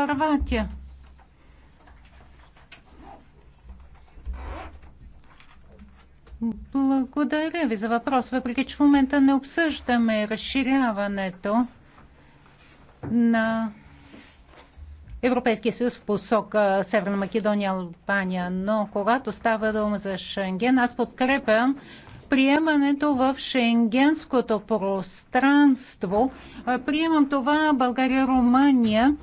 Хорватия. Благодаря ви за въпрос, въпреки че в момента не обсъждаме разширяването на Европейския съюз в посока Северна Македония, Албания, но когато става дума за Шенген, аз подкрепям приемането в шенгенското пространство. Приемам това България, Румъния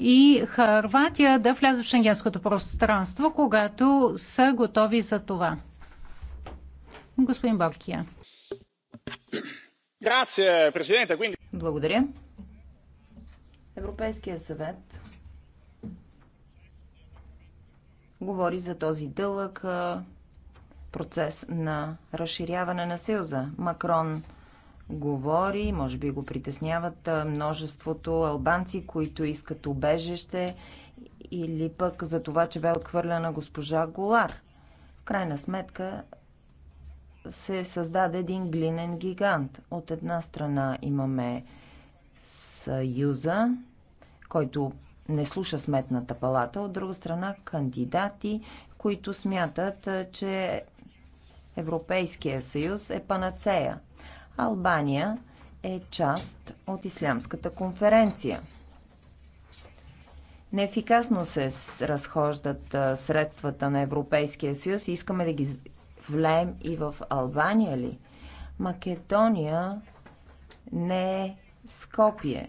и Харватия да влязат в шенгенското пространство, когато са готови за това. Господин Боркия. Благодаря. Европейския съвет говори за този дълъг процес на разширяване на Съюза. Макрон говори, може би го притесняват множеството албанци, които искат убежище или пък за това, че бе отхвърлена госпожа Голар. В крайна сметка се създаде един глинен гигант. От една страна имаме Съюза, който не слуша сметната палата, от друга страна кандидати, които смятат, че Европейския съюз е панацея. Албания е част от Ислямската конференция. Неефикасно се разхождат средствата на Европейския съюз и искаме да ги влеем и в Албания ли? Македония не е Скопие.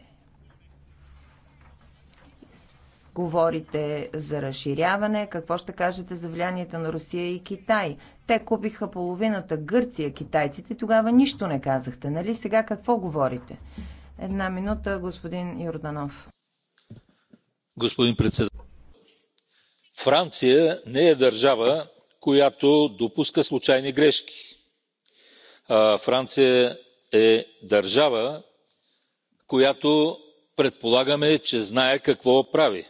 Говорите за разширяване. Какво ще кажете за влиянието на Русия и Китай? Те купиха половината Гърция, китайците. Тогава нищо не казахте, нали? Сега какво говорите? Една минута, господин Йорданов. Господин председател, Франция не е държава, която допуска случайни грешки. Франция е държава, която предполагаме, че знае какво прави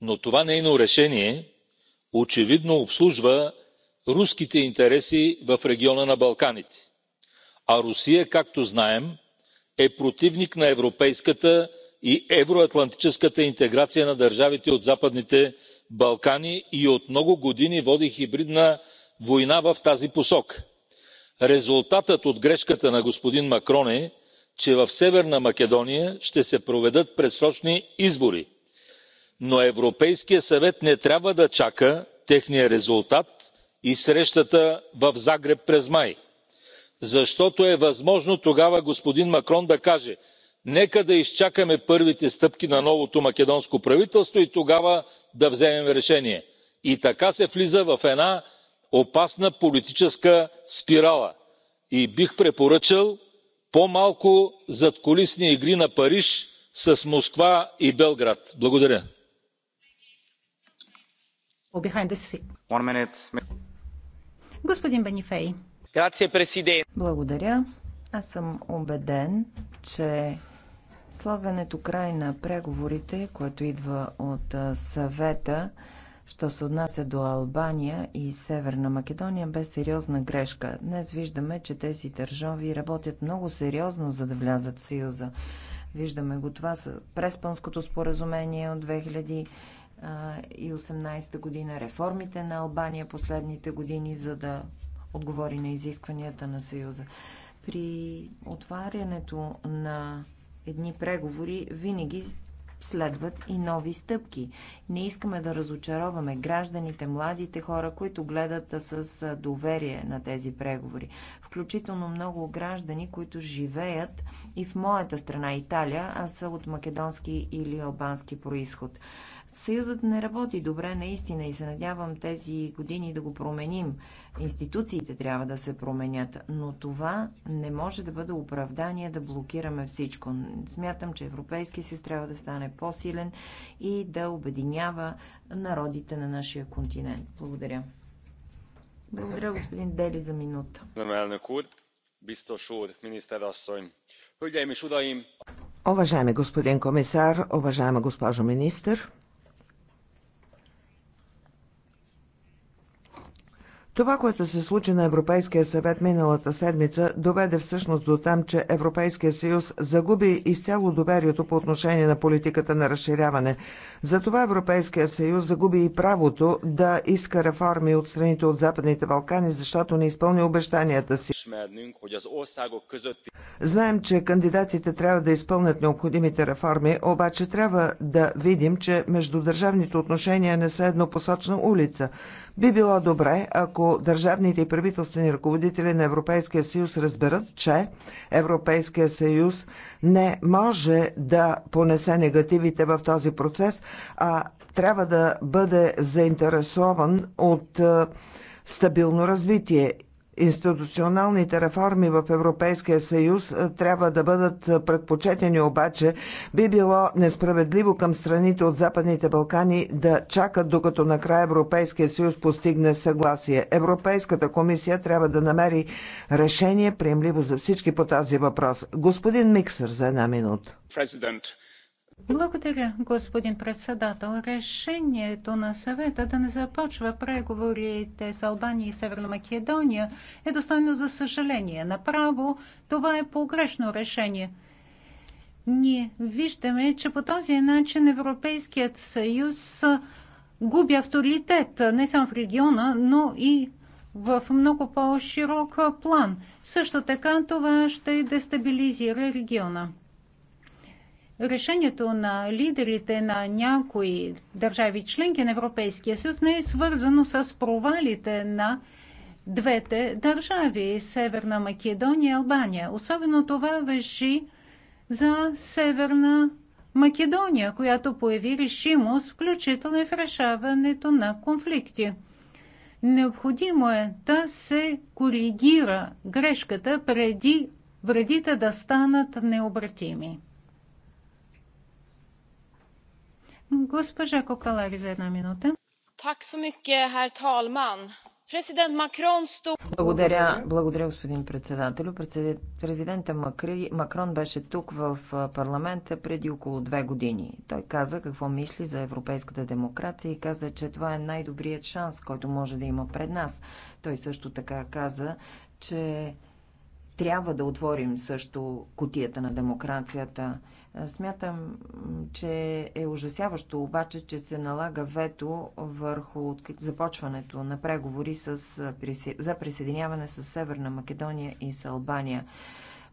но това нейно решение очевидно обслужва руските интереси в региона на балканите а русия както знаем е противник на европейската и евроатлантическата интеграция на държавите от западните балкани и от много години води хибридна война в тази посока. резултатът от грешката на господин макрон е че в северна македония ще се проведат предсрочни избори но европейският съвет не трябва да чака техния резултат и срещата в загреб през май защото е възможно тогава господин макрон да каже нека да изчакаме първите стъпки на новото македонско правителство и тогава да вземем решение. и така се влиза в една опасна политическа спирала. и бих препоръчал по малко задкулисни игри на париж с москва и белград. благодаря. Господин Бенифей. Благодаря. Аз съм убеден, че слагането край на преговорите, което идва от съвета, що се отнася до Албания и Северна Македония, бе сериозна грешка. Днес виждаме, че тези държави работят много сериозно, за да влязат в Съюза. Виждаме го това с Преспанското споразумение от 2000 и 18-та година, реформите на Албания последните години, за да отговори на изискванията на Съюза. При отварянето на едни преговори винаги следват и нови стъпки. Не искаме да разочароваме гражданите, младите хора, които гледат с доверие на тези преговори. Включително много граждани, които живеят и в моята страна Италия, а са от македонски или албански происход. Съюзът не работи добре наистина и се надявам тези години да го променим. Институциите трябва да се променят, но това не може да бъде оправдание да блокираме всичко. Смятам, че Европейския съюз трябва да стане по-силен и да обединява народите на нашия континент. Благодаря. Благодаря, господин Дели, за минута. Уважаеми господин комисар, уважаема госпожо министър, Това, което се случи на Европейския съвет миналата седмица, доведе всъщност до там, че Европейския съюз загуби изцяло доверието по отношение на политиката на разширяване. Затова Европейския съюз загуби и правото да иска реформи от страните от Западните Балкани, защото не изпълни обещанията си. Знаем, че кандидатите трябва да изпълнят необходимите реформи, обаче трябва да видим, че междудържавните отношения не са еднопосочна улица. Би било добре, ако държавните и правителствени ръководители на Европейския съюз разберат, че Европейския съюз не може да понесе негативите в този процес, а трябва да бъде заинтересован от стабилно развитие Институционалните реформи в Европейския съюз е, трябва да бъдат е, предпочетени обаче би било несправедливо към страните от Западните Балкани да чакат докато накрая Европейския съюз постигне съгласие. Европейската комисия трябва да намери решение приемливо за всички по тази въпрос. Господин Миксър за една минута. Благодаря, господин председател. Решението на съвета да не започва преговорите с Албания и Северна Македония е достойно за съжаление. Направо това е погрешно решение. Ние виждаме, че по този начин Европейският съюз губи авторитет не само в региона, но и в много по-широк план. Също така това ще дестабилизира региона решението на лидерите на някои държави членки на Европейския съюз не е свързано с провалите на двете държави Северна Македония и Албания. Особено това въжи за Северна Македония, която появи решимост, включително и в решаването на конфликти. Необходимо е да се коригира грешката преди вредите да станат необратими. Госпожа Кокалари за една минута. Президент Благодаря, благодаря, господин председателю. Президента Макри, Макрон беше тук в парламента преди около две години. Той каза какво мисли за европейската демокрация и каза, че това е най-добрият шанс, който може да има пред нас. Той също така каза, че трябва да отворим също котията на демокрацията – Смятам, че е ужасяващо обаче, че се налага вето върху започването на преговори с, за присъединяване с Северна Македония и с Албания.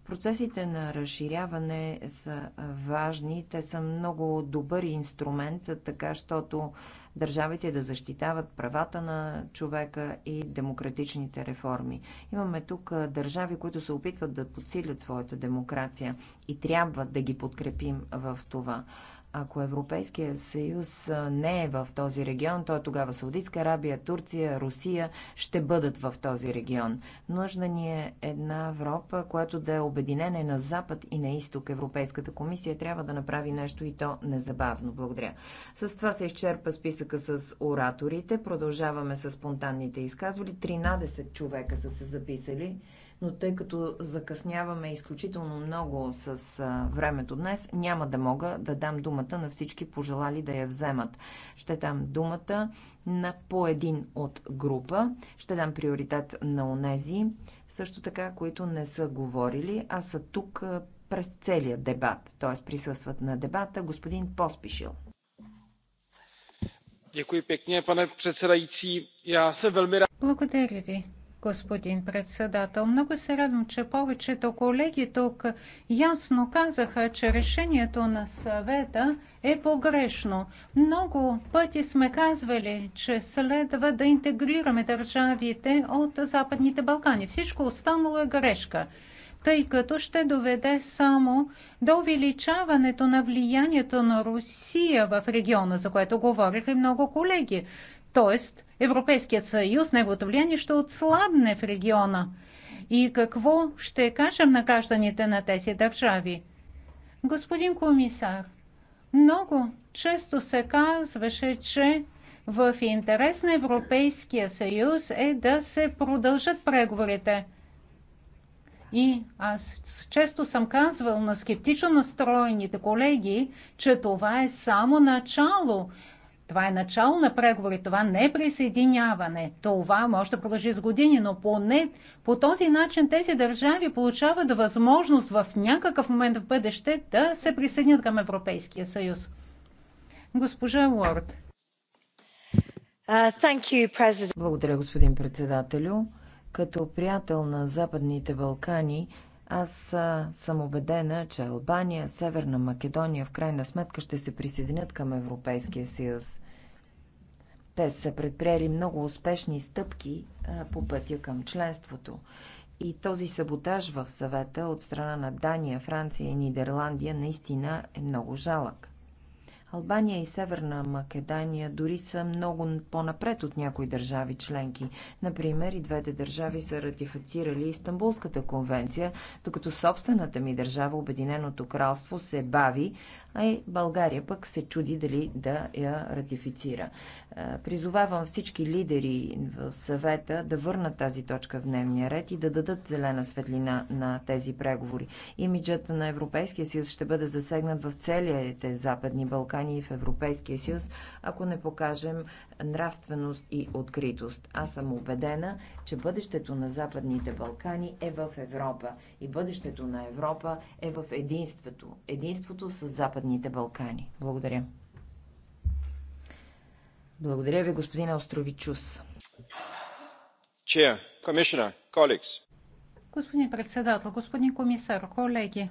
Процесите на разширяване са важни. Те са много добър инструмент, така щото държавите да защитават правата на човека и демократичните реформи. Имаме тук държави, които се опитват да подсилят своята демокрация и трябва да ги подкрепим в това. Ако Европейския съюз не е в този регион, то е тогава Саудитска Арабия, Турция, Русия ще бъдат в този регион. Нужна ни е една Европа, която да е обединена на запад и на изток. Европейската комисия трябва да направи нещо и то незабавно. Благодаря. С това се изчерпа списъка с ораторите. Продължаваме с спонтанните изказвали. 13 човека са се записали но тъй като закъсняваме изключително много с времето днес, няма да мога да дам думата на всички пожелали да я вземат. Ще дам думата на по един от група. Ще дам приоритет на онези, също така, които не са говорили, а са тук през целия дебат, т.е. присъстват на дебата господин Поспишил. Благодаря ви господин председател. Много се радвам, че повечето колеги тук ясно казаха, че решението на съвета е погрешно. Много пъти сме казвали, че следва да интегрираме държавите от Западните Балкани. Всичко останало е грешка тъй като ще доведе само до увеличаването на влиянието на Русия в региона, за което говориха и много колеги. Тоест, Европейският съюз, неговото влияние ще отслабне в региона. И какво ще кажем на гражданите на тези държави? Господин комисар, много често се казваше, че в интерес на Европейския съюз е да се продължат преговорите. И аз често съм казвал на скептично настроените колеги, че това е само начало това е начало на преговори, това не е присъединяване. Това може да продължи с години, но поне по този начин тези държави получават възможност в някакъв момент в бъдеще да се присъединят към Европейския съюз. Госпожа Уорд. Uh, Благодаря, господин председателю. Като приятел на Западните Балкани, аз съм убедена, че Албания, Северна Македония в крайна сметка ще се присъединят към Европейския съюз. Те са предприели много успешни стъпки по пътя към членството. И този саботаж в съвета от страна на Дания, Франция и Нидерландия наистина е много жалък. Албания и Северна Македония дори са много по-напред от някои държави членки. Например, и двете държави са ратифицирали Истанбулската конвенция, докато собствената ми държава, Обединеното кралство, се бави, а и България пък се чуди дали да я ратифицира. Е, призовавам всички лидери в съвета да върнат тази точка в дневния ред и да дадат зелена светлина на тези преговори. Имиджът на Европейския съюз ще бъде засегнат в целите Западни Балкани и в Европейския съюз, ако не покажем е, нравственост и откритост. Аз съм убедена, че бъдещето на Западните Балкани е в Европа и бъдещето на Европа е в единството. Единството с Западните Балкани. Благодаря. Благодаря ви, господин Островичус. Чия, комисионер, колекс. Господин председател, господин комисар, колеги,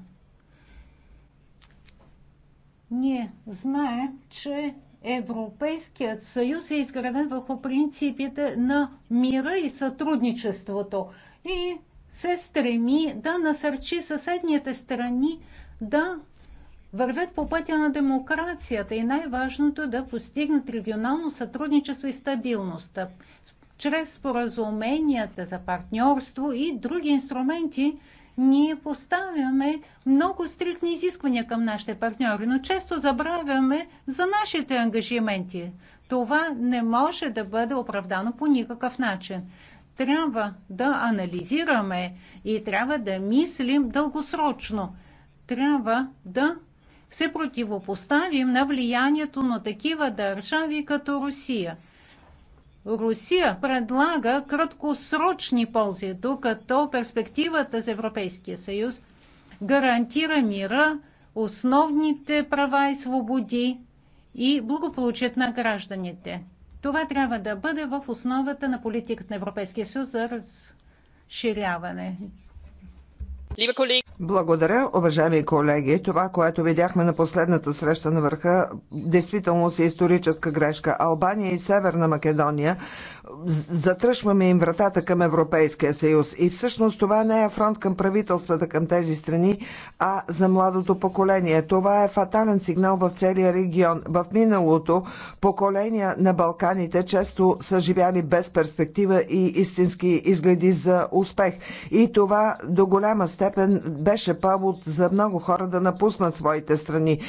ние знаем, че Европейският съюз е изграден върху принципите на мира и сътрудничеството и се стреми да насърчи съседните страни да вървят по пътя на демокрацията и най-важното е да постигнат регионално сътрудничество и стабилност. Чрез споразуменията за партньорство и други инструменти ние поставяме много стриктни изисквания към нашите партньори, но често забравяме за нашите ангажименти. Това не може да бъде оправдано по никакъв начин. Трябва да анализираме и трябва да мислим дългосрочно. Трябва да се противопоставим на влиянието на такива държави като Русия – Русия предлага краткосрочни ползи, докато перспективата за Европейския съюз гарантира мира, основните права и свободи и благополучието на гражданите. Това трябва да бъде в основата на политиката на Европейския съюз за разширяване. Благодаря, уважаеми колеги. Това, което видяхме на последната среща на върха, действително си историческа грешка. Албания и Северна Македония затръшваме им вратата към Европейския съюз. И всъщност това не е фронт към правителствата, към тези страни, а за младото поколение. Това е фатален сигнал в целия регион. В миналото поколения на Балканите често са живяли без перспектива и истински изгледи за успех. И това до голяма степен беше повод за много хора да напуснат своите страни.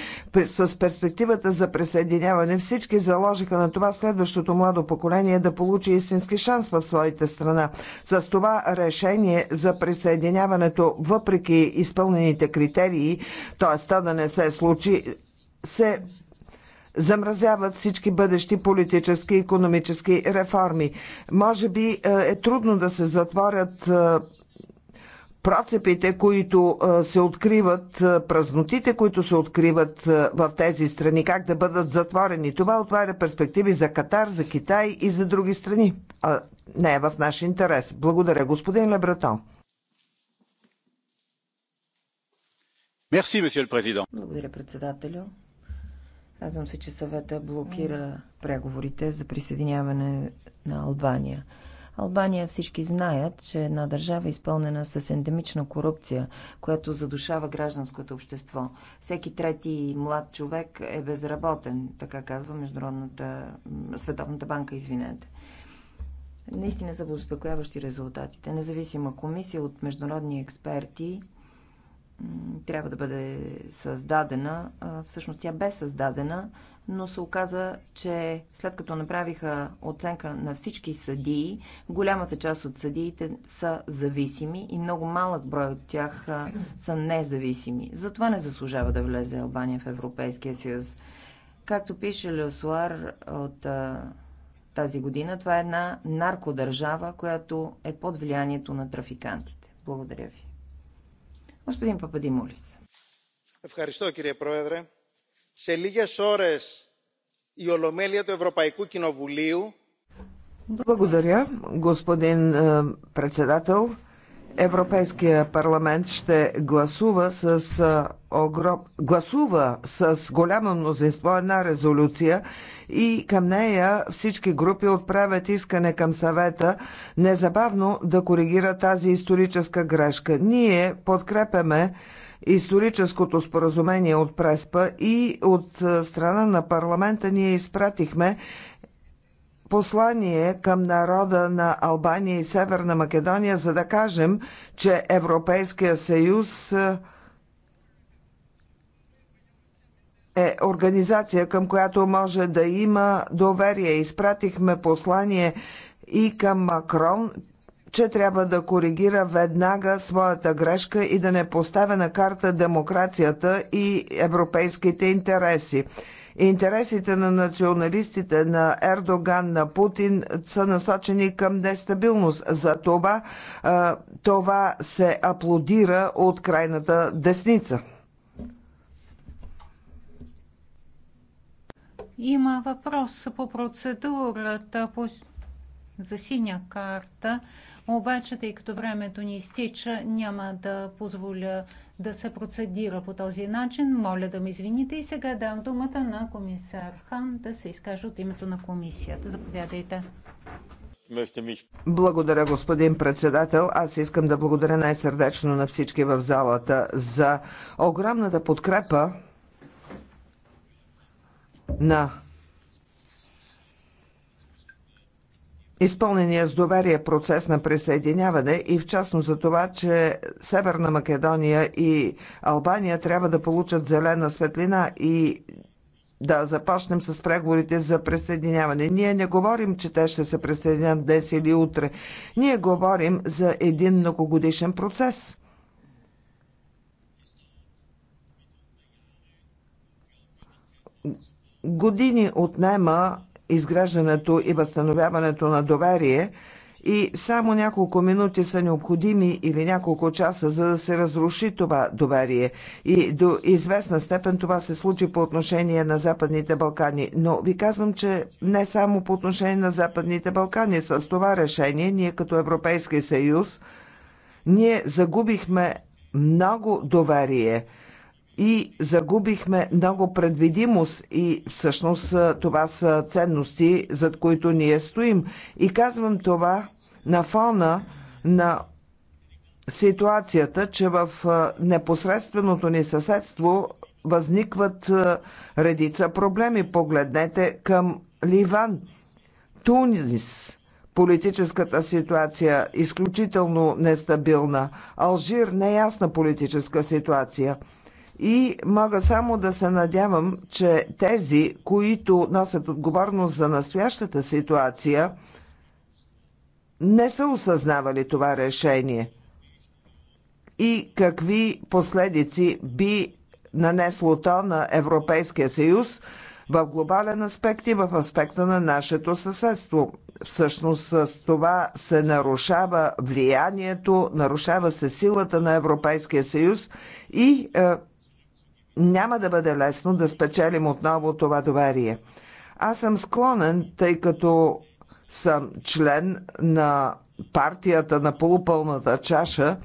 С перспективата за присъединяване всички заложиха на това следващото младо поколение да получи получи истински шанс в своята страна. С това решение за присъединяването, въпреки изпълнените критерии, т.е. да не се случи, се замразяват всички бъдещи политически и економически реформи. Може би е, е трудно да се затворят е, процепите, които се откриват, празнотите, които се откриват в тези страни, как да бъдат затворени. Това отваря перспективи за Катар, за Китай и за други страни. А не е в наш интерес. Благодаря, господин Лебратон. Мерси, месье президент. Благодаря, председателю. Казвам се, че съвета блокира преговорите за присъединяване на Албания. Албания всички знаят, че е една държава е изпълнена с ендемична корупция, която задушава гражданското общество. Всеки трети млад човек е безработен, така казва Международната... Световната банка, извинете. Наистина са успокояващи резултатите. Независима комисия от международни експерти трябва да бъде създадена. Всъщност тя бе създадена, но се оказа, че след като направиха оценка на всички съдии, голямата част от съдиите са зависими и много малък брой от тях са независими. Затова не заслужава да влезе Албания в Европейския съюз. Както пише Леосуар от а, тази година, това е една наркодържава, която е под влиянието на трафикантите. Благодаря ви. Господин Пападимулис. Ευχαριστώ, Кирия, проведре σε λίγες ώρες η Ολομέλεια του Ευρωπαϊκού Κοινοβουλίου Благодаря, господин председател. Европейския парламент ще гласува с, е, огром... гласува с голямо мнозинство една резолюция и към нея всички групи отправят искане към съвета незабавно да коригира тази историческа грешка. Ние подкрепяме историческото споразумение от Преспа и от страна на парламента ние изпратихме послание към народа на Албания и Северна Македония, за да кажем, че Европейския съюз е организация, към която може да има доверие. Изпратихме послание и към Макрон, че трябва да коригира веднага своята грешка и да не поставя на карта демокрацията и европейските интереси. Интересите на националистите на Ердоган, на Путин са насочени към нестабилност. За това това се аплодира от крайната десница. Има въпрос по процедурата по... за синя карта. Обаче, тъй като времето ни изтича, няма да позволя да се процедира по този начин. Моля да ме извините и сега дам думата на комисар Хан да се изкаже от името на комисията. Заповядайте. Благодаря, господин председател. Аз искам да благодаря най-сърдечно на всички в залата за огромната подкрепа на изпълнения с доверие процес на присъединяване и в частно за това, че Северна Македония и Албания трябва да получат зелена светлина и да започнем с преговорите за присъединяване. Ние не говорим, че те ще се присъединят днес или утре. Ние говорим за един многогодишен процес. Години отнема изграждането и възстановяването на доверие и само няколко минути са необходими или няколко часа, за да се разруши това доверие. И до известна степен това се случи по отношение на Западните Балкани. Но ви казвам, че не само по отношение на Западните Балкани. С това решение ние като Европейски съюз ние загубихме много доверие – и загубихме много предвидимост и всъщност това са ценности, зад които ние стоим. И казвам това на фона на ситуацията, че в непосредственото ни съседство възникват редица проблеми. Погледнете към Ливан, Тунис, политическата ситуация е изключително нестабилна, Алжир неясна политическа ситуация – и мога само да се надявам, че тези, които носят отговорност за настоящата ситуация, не са осъзнавали това решение и какви последици би нанесло то на Европейския съюз в глобален аспект и в аспекта на нашето съседство. Всъщност с това се нарушава влиянието, нарушава се силата на Европейския съюз и е, няма да бъде лесно да спечелим отново това доверие. Аз съм склонен, тъй като съм член на партията на полупълната чаша,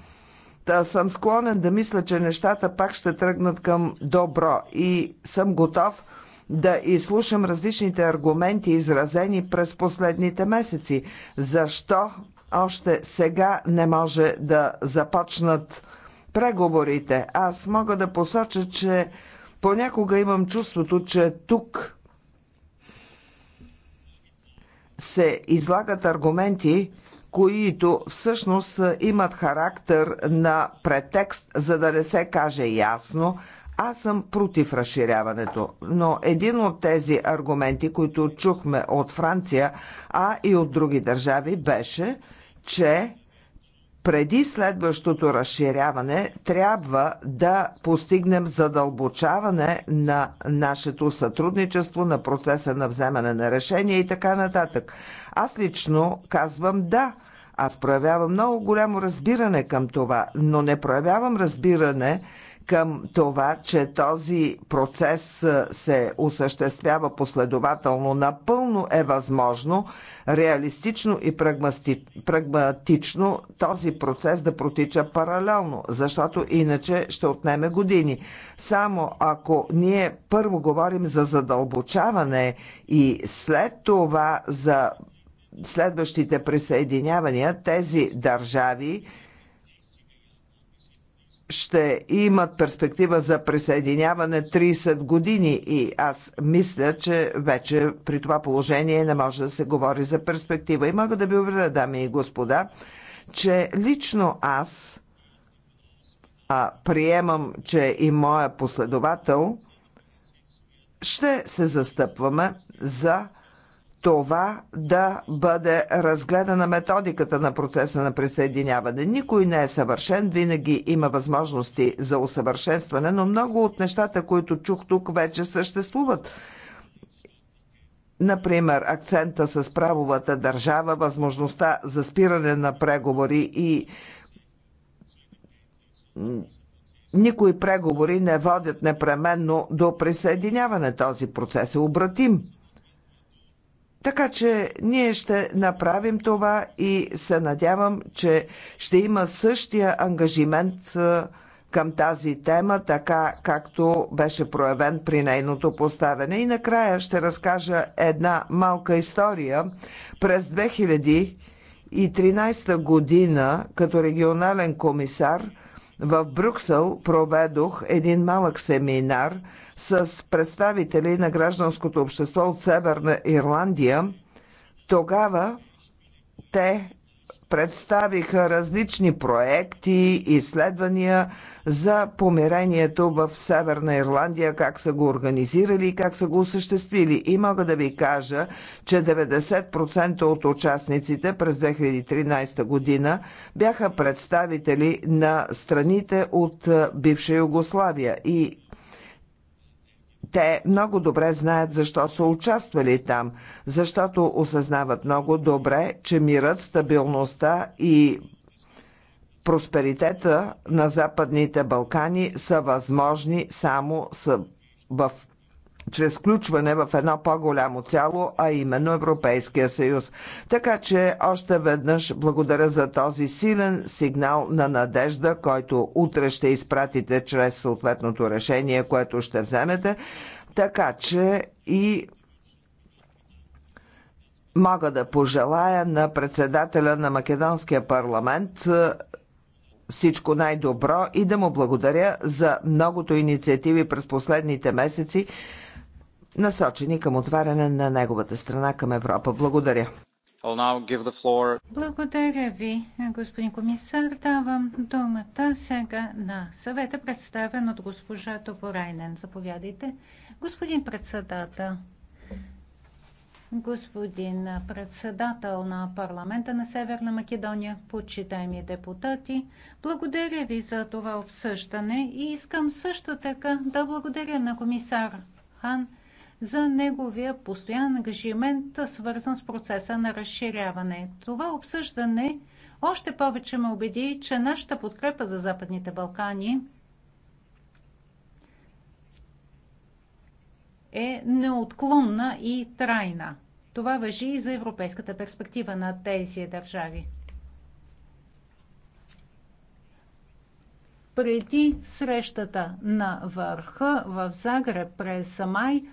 да съм склонен да мисля, че нещата пак ще тръгнат към добро и съм готов да изслушам различните аргументи, изразени през последните месеци. Защо още сега не може да започнат преговорите. Аз мога да посоча, че понякога имам чувството, че тук се излагат аргументи, които всъщност имат характер на претекст, за да не се каже ясно, аз съм против разширяването, но един от тези аргументи, които чухме от Франция, а и от други държави, беше, че преди следващото разширяване трябва да постигнем задълбочаване на нашето сътрудничество, на процеса на вземане на решения и така нататък. Аз лично казвам да. Аз проявявам много голямо разбиране към това, но не проявявам разбиране към това, че този процес се осъществява последователно, напълно е възможно, реалистично и прагматично този процес да протича паралелно, защото иначе ще отнеме години. Само ако ние първо говорим за задълбочаване и след това за следващите присъединявания, тези държави ще имат перспектива за присъединяване 30 години и аз мисля, че вече при това положение не може да се говори за перспектива. И мога да ви уверя, дами и господа, че лично аз а, приемам, че и моя последовател ще се застъпваме за това да бъде разгледана методиката на процеса на присъединяване. Никой не е съвършен, винаги има възможности за усъвършенстване, но много от нещата, които чух тук, вече съществуват. Например, акцента с правовата държава, възможността за спиране на преговори и никои преговори не водят непременно до присъединяване. Този процес е обратим. Така че ние ще направим това и се надявам, че ще има същия ангажимент е, към тази тема, така както беше проявен при нейното поставяне. И накрая ще разкажа една малка история. През 2013 година, като регионален комисар, в Брюксел проведох един малък семинар – с представители на гражданското общество от Северна Ирландия. Тогава те представиха различни проекти, и изследвания за помирението в Северна Ирландия, как са го организирали и как са го осъществили. И мога да ви кажа, че 90% от участниците през 2013 година бяха представители на страните от бивша Югославия. И те много добре знаят защо са участвали там, защото осъзнават много добре, че мирът, стабилността и просперитета на Западните Балкани са възможни само в чрез включване в едно по-голямо цяло, а именно Европейския съюз. Така че още веднъж благодаря за този силен сигнал на надежда, който утре ще изпратите чрез съответното решение, което ще вземете. Така че и мога да пожелая на председателя на Македонския парламент е, всичко най-добро и да му благодаря за многото инициативи през последните месеци, насочени към отваряне на неговата страна към Европа. Благодаря. Благодаря ви, господин комисар. Давам думата сега на съвета, представен от госпожа Топорайнен. Заповядайте. Господин председател, господин председател на парламента на Северна Македония, почитаеми депутати, благодаря ви за това обсъждане и искам също така да благодаря на комисар Хан – за неговия постоянен ангажимент, свързан с процеса на разширяване. Това обсъждане още повече ме убеди, че нашата подкрепа за Западните Балкани е неотклонна и трайна. Това въжи и за европейската перспектива на тези държави. Преди срещата на върха в Загреб през май –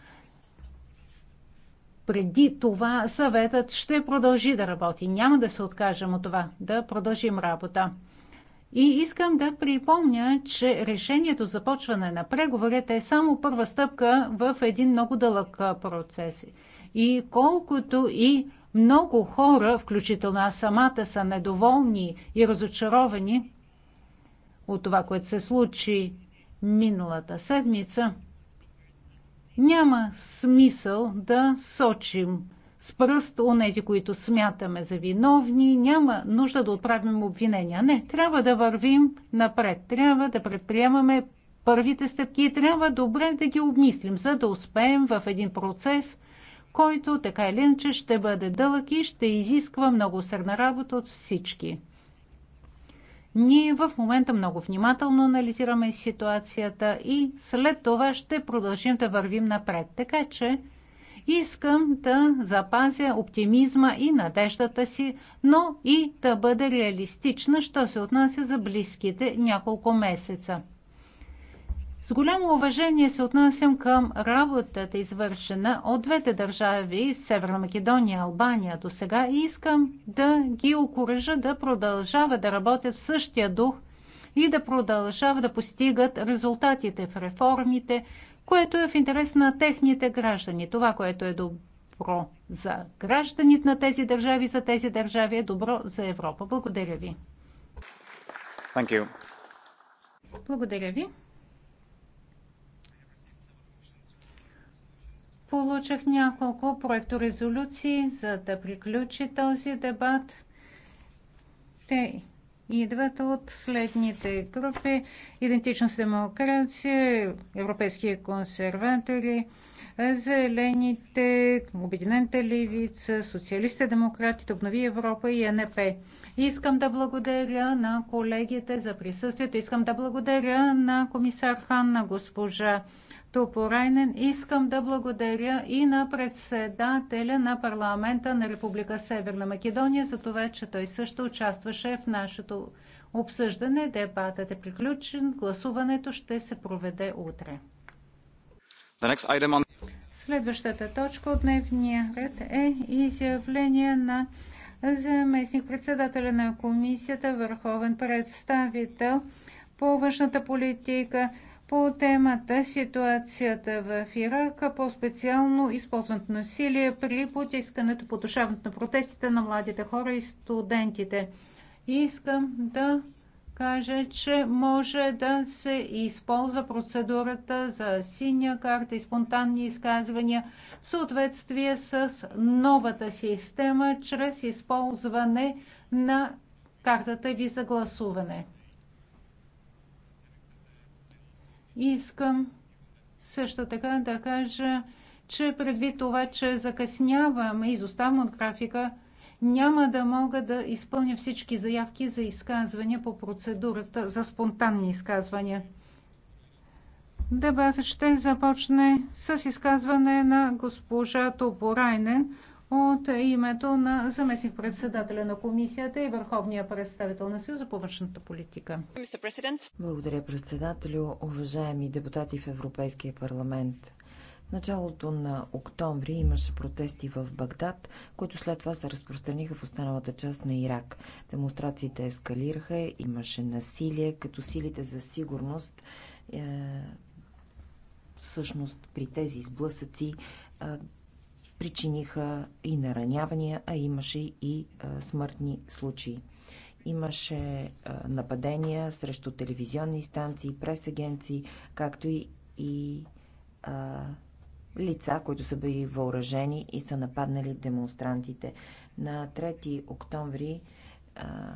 преди това съветът ще продължи да работи. Няма да се откажем от това, да продължим работа. И искам да припомня, че решението за почване на преговорите е само първа стъпка в един много дълъг процес. И колкото и много хора, включително аз самата, са недоволни и разочаровани от това, което се случи миналата седмица – няма смисъл да сочим с пръст у нези, които смятаме за виновни. Няма нужда да отправим обвинения. Не, трябва да вървим напред. Трябва да предприемаме първите стъпки и трябва добре да ги обмислим, за да успеем в един процес, който така или иначе ще бъде дълъг и ще изисква много сърна работа от всички. Ние в момента много внимателно анализираме ситуацията и след това ще продължим да вървим напред. Така че искам да запазя оптимизма и надеждата си, но и да бъда реалистична, що се отнася за близките няколко месеца. С голямо уважение се отнасям към работата, извършена от двете държави, Северна Македония и Албания до сега и искам да ги окоръжа да продължават да работят в същия дух и да продължават да постигат резултатите в реформите, което е в интерес на техните граждани. Това, което е добро за гражданите на тези държави, за тези държави е добро за Европа. Благодаря ви. Thank you. Благодаря ви. Получих няколко проекторезолюции, за да приключи този дебат. Те идват от следните групи. Идентичност демокрация, европейски консерватори, Зелените, Обединената левица, Социалистите, Демократите, Обнови Европа и НП. Искам да благодаря на колегите за присъствието. Искам да благодаря на комисар Хан, на госпожа Топорайнен. Искам да благодаря и на председателя на парламента на Република Северна Македония за това, че той също участваше в нашето обсъждане. Дебатът е приключен. Гласуването ще се проведе утре. Следващата точка от дневния ред е изявление на заместник председателя на комисията, върховен представител по външната политика по темата ситуацията в Ирак, по-специално използването на насилие при потискането, потушаването на протестите на младите хора и студентите. Искам да каже, че може да се използва процедурата за синя карта и спонтанни изказвания в съответствие с новата система чрез използване на картата ви за гласуване. Искам също така да кажа, че предвид това, че закъсняваме, изоставам от графика, няма да мога да изпълня всички заявки за изказвания по процедурата за спонтанни изказвания. Дебатът ще започне с изказване на госпожа Топорайнен, от името на заместник председателя на комисията и върховния представител на Съюза по външната политика. Благодаря председателю, уважаеми депутати в Европейския парламент. В началото на октомври имаше протести в Багдад, които след това се разпространиха в останалата част на Ирак. Демонстрациите ескалираха, имаше насилие, като силите за сигурност е, всъщност при тези сблъсъци е, причиниха и наранявания, а имаше и смъртни случаи. Имаше нападения срещу телевизионни станции, пресагенции, както и, и а, лица, които са били въоръжени и са нападнали демонстрантите. На 3 октомври а,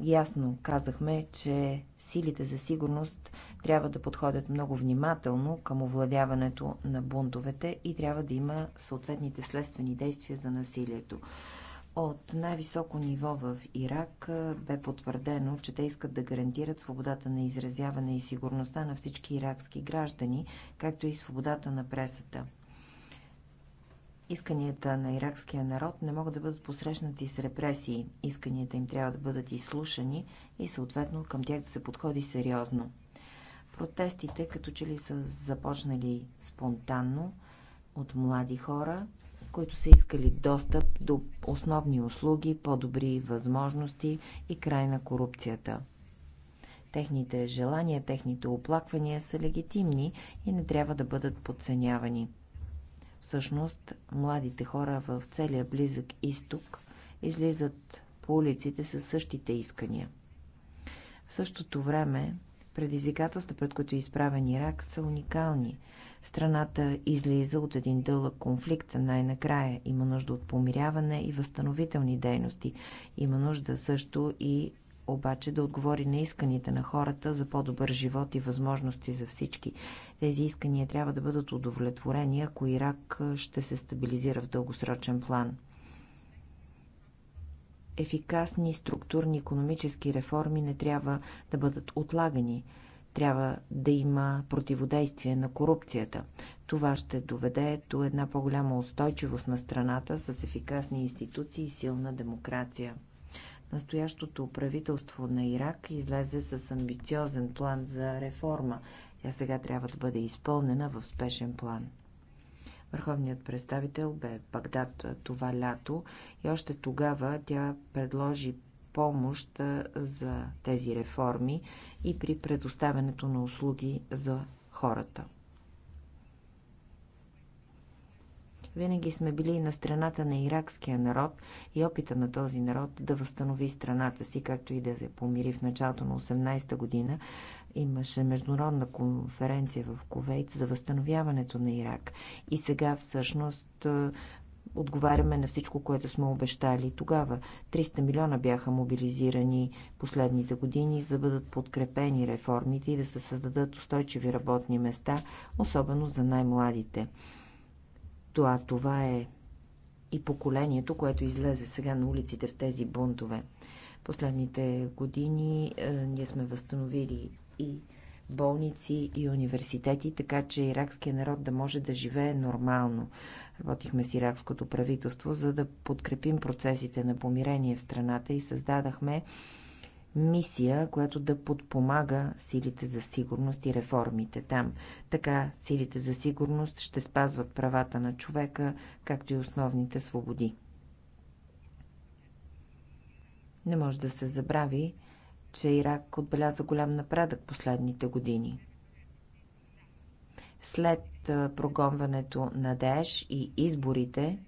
ясно казахме, че силите за сигурност трябва да подходят много внимателно към овладяването на бунтовете и трябва да има съответните следствени действия за насилието. От най-високо ниво в Ирак бе потвърдено, че те искат да гарантират свободата на изразяване и сигурността на всички иракски граждани, както и свободата на пресата. Исканията на иракския народ не могат да бъдат посрещнати с репресии. Исканията им трябва да бъдат изслушани и съответно към тях да се подходи сериозно. Протестите като че ли са започнали спонтанно от млади хора, които са искали достъп до основни услуги, по-добри възможности и край на корупцията. Техните желания, техните оплаквания са легитимни и не трябва да бъдат подценявани. Всъщност, младите хора в целия близък изток излизат по улиците със същите искания. В същото време, предизвикателства, пред които е изправен Ирак, са уникални. Страната излиза от един дълъг конфликт най-накрая. Има нужда от помиряване и възстановителни дейности. Има нужда също и обаче да отговори на исканите на хората за по-добър живот и възможности за всички. Тези искания трябва да бъдат удовлетворени, ако Ирак ще се стабилизира в дългосрочен план. Ефикасни структурни економически реформи не трябва да бъдат отлагани. Трябва да има противодействие на корупцията. Това ще доведе до една по-голяма устойчивост на страната с ефикасни институции и силна демокрация. Настоящото правителство на Ирак излезе с амбициозен план за реформа, тя сега трябва да бъде изпълнена в спешен план. Върховният представител бе Багдад това лято и още тогава тя предложи помощ за тези реформи и при предоставянето на услуги за хората. Винаги сме били на страната на иракския народ и опита на този народ да възстанови страната си, както и да се помири в началото на 18-та година. Имаше международна конференция в Ковейт за възстановяването на Ирак. И сега всъщност е, отговаряме на всичко, което сме обещали тогава. 300 милиона бяха мобилизирани последните години, за да бъдат подкрепени реформите и да се създадат устойчиви работни места, особено за най-младите а Това е и поколението, което излезе сега на улиците в тези бунтове. Последните години е, ние сме възстановили и болници и университети, така че иракският народ да може да живее нормално. Работихме с иракското правителство, за да подкрепим процесите на помирение в страната и създадахме мисия, която да подпомага силите за сигурност и реформите там. Така силите за сигурност ще спазват правата на човека, както и основните свободи. Не може да се забрави, че Ирак отбеляза голям напредък последните години. След прогонването на ДЕШ и изборите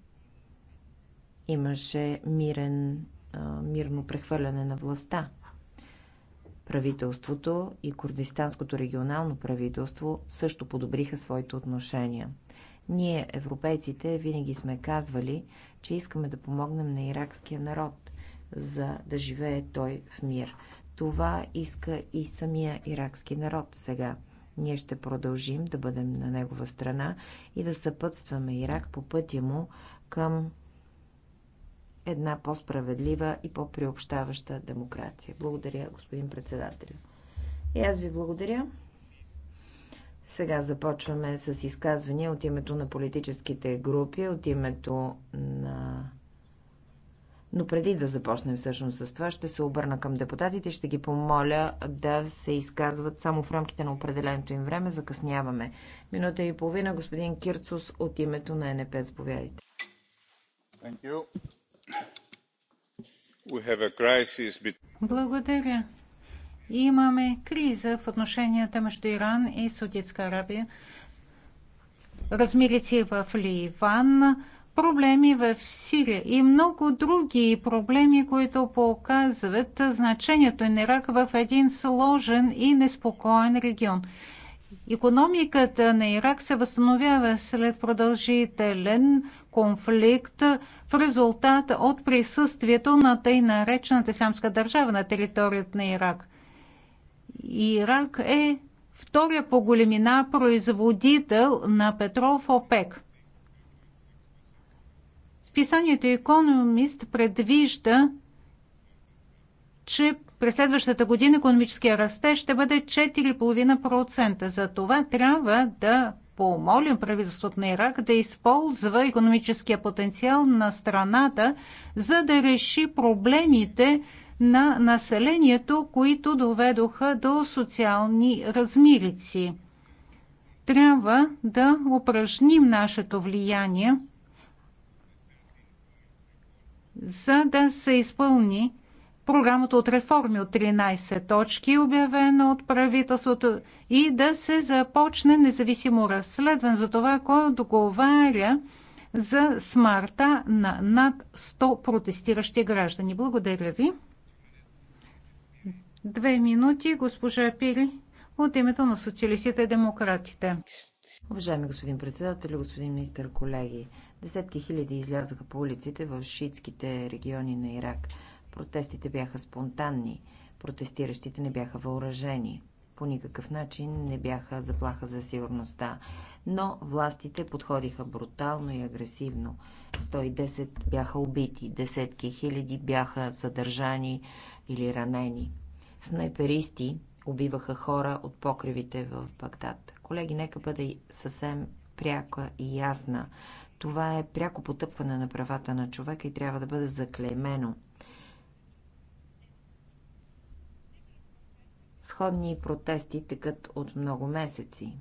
имаше мирен, мирно прехвърляне на властта. Правителството и Курдистанското регионално правителство също подобриха своите отношения. Ние, европейците, винаги сме казвали, че искаме да помогнем на иракския народ, за да живее той в мир. Това иска и самия иракски народ сега. Ние ще продължим да бъдем на негова страна и да съпътстваме Ирак по пътя му към една по-справедлива и по-приобщаваща демокрация. Благодаря, господин председател. И аз ви благодаря. Сега започваме с изказвания от името на политическите групи, от името на... Но преди да започнем всъщност с това, ще се обърна към депутатите, ще ги помоля да се изказват само в рамките на определеното им време. Закъсняваме. Минута и половина, господин Кирцус, от името на НП. Заповядайте. Thank you. Благодаря. Имаме криза в отношенията между Иран и Судитска Арабия. Размерици в Ливан, проблеми в Сирия и много други проблеми, които показват значението на Ирак в един сложен и неспокоен регион. Економиката на Ирак се възстановява след продължителен конфликт в резултат от присъствието на тъй наречената ислямска държава на територията на Ирак. Ирак е втория по големина производител на петрол в ОПЕК. Списанието економист предвижда, че през следващата година економическия растеж ще бъде 4,5%. За това трябва да помолим правителството на Ирак да използва економическия потенциал на страната, за да реши проблемите на населението, които доведоха до социални размирици. Трябва да упражним нашето влияние, за да се изпълни програмата от реформи от 13 точки, обявена от правителството, и да се започне независимо разследване за това, кой договаря за смъртта на над 100 протестиращи граждани. Благодаря ви. Две минути, госпожа Пири, от името на социалистите и демократите. Уважаеми господин председател, господин министър, колеги, десетки хиляди излязаха по улиците в шиитските региони на Ирак – Протестите бяха спонтанни. Протестиращите не бяха въоръжени. По никакъв начин не бяха заплаха за сигурността. Но властите подходиха брутално и агресивно. 110 бяха убити, десетки хиляди бяха задържани или ранени. Снайперисти убиваха хора от покривите в Багдад. Колеги, нека бъде съвсем пряка и ясна. Това е пряко потъпване на правата на човека и трябва да бъде заклеймено. Сходни протести текат от много месеци.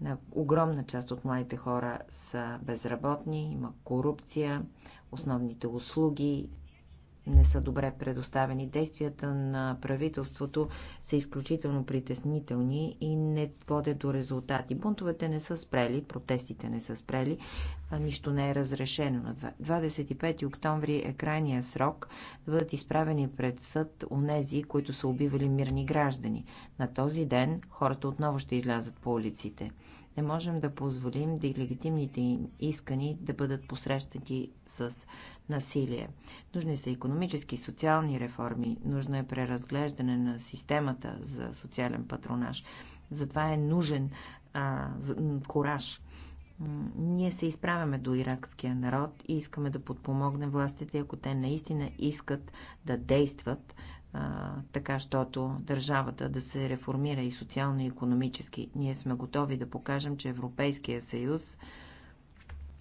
На огромна част от младите хора са безработни, има корупция, основните услуги не са добре предоставени. Действията на правителството са изключително притеснителни и не водят до резултати. Бунтовете не са спрели, протестите не са спрели, нищо не е разрешено. На 25 октомври е крайния срок да бъдат изправени пред съд унези, които са убивали мирни граждани. На този ден хората отново ще излязат по улиците. Не можем да позволим да и легитимните им искани да бъдат посрещнати с насилие. Нужни са економически и социални реформи, нужно е преразглеждане на системата за социален патронаж. Затова е нужен а, кураж. Ние се изправяме до иракския народ и искаме да подпомогнем властите, ако те наистина искат да действат а, така, щото държавата да се реформира и социално и економически. Ние сме готови да покажем, че Европейския съюз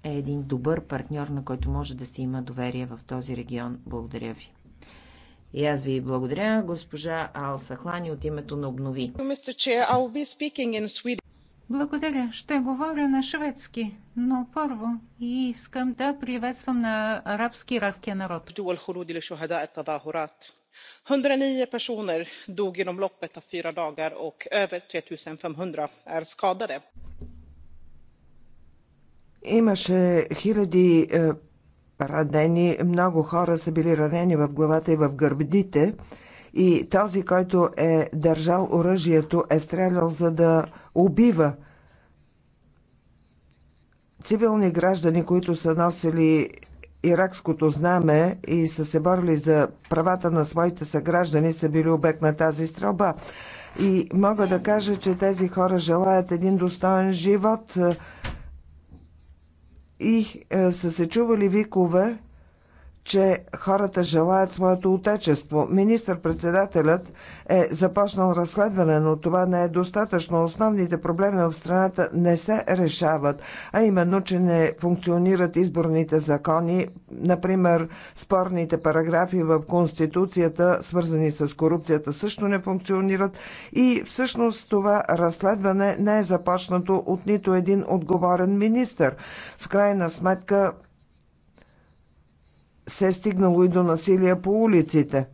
е един добър партньор, на който може да се има доверие в този регион. Благодаря ви. И аз ви благодаря, госпожа Ал Сахлани, от името на Обнови. Благодаря. Ще говоря на шведски, но първо искам да приветствам на арабски иракския народ. personer dog inom loppet av fyra dagar och över 3500 är skadade. Имаше хиляди е, ранени, много хора са били ранени в главата и в гърбдите и този, който е държал оръжието, е стрелял за да убива цивилни граждани, които са носили иракското знаме и са се борили за правата на своите съграждани, са били обект на тази стрелба. И мога да кажа, че тези хора желаят един достоен живот и е, са се чували викове че хората желаят своето отечество. Министър-председателят е започнал разследване, но това не е достатъчно. Основните проблеми в страната не се решават, а именно, че не функционират изборните закони, например спорните параграфи в Конституцията, свързани с корупцията, също не функционират и всъщност това разследване не е започнато от нито един отговорен министър. В крайна сметка се е стигнало и до насилие по улиците.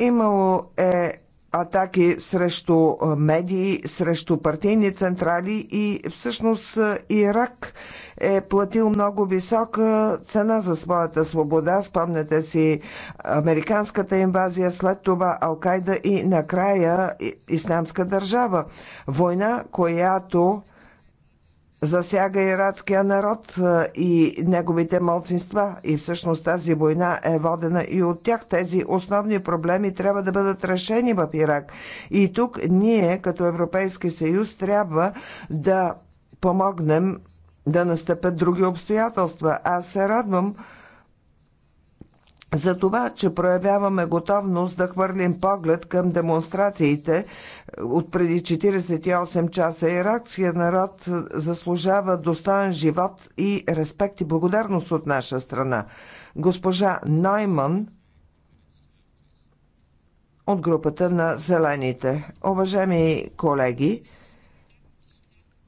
Имало е атаки срещу медии, срещу партийни централи и всъщност Ирак е платил много висока цена за своята свобода. Спомнете си американската инвазия, след това Алкайда и накрая Исламска държава. Война, която засяга иракския народ и неговите малцинства. И всъщност тази война е водена и от тях. Тези основни проблеми трябва да бъдат решени в Ирак. И тук ние, като Европейски съюз, трябва да помогнем да настъпят други обстоятелства. Аз се радвам, за това, че проявяваме готовност да хвърлим поглед към демонстрациите, от преди 48 часа. Иракският народ заслужава достоен живот и респект и благодарност от наша страна. Госпожа Нойман от групата на Зелените. Уважаеми колеги,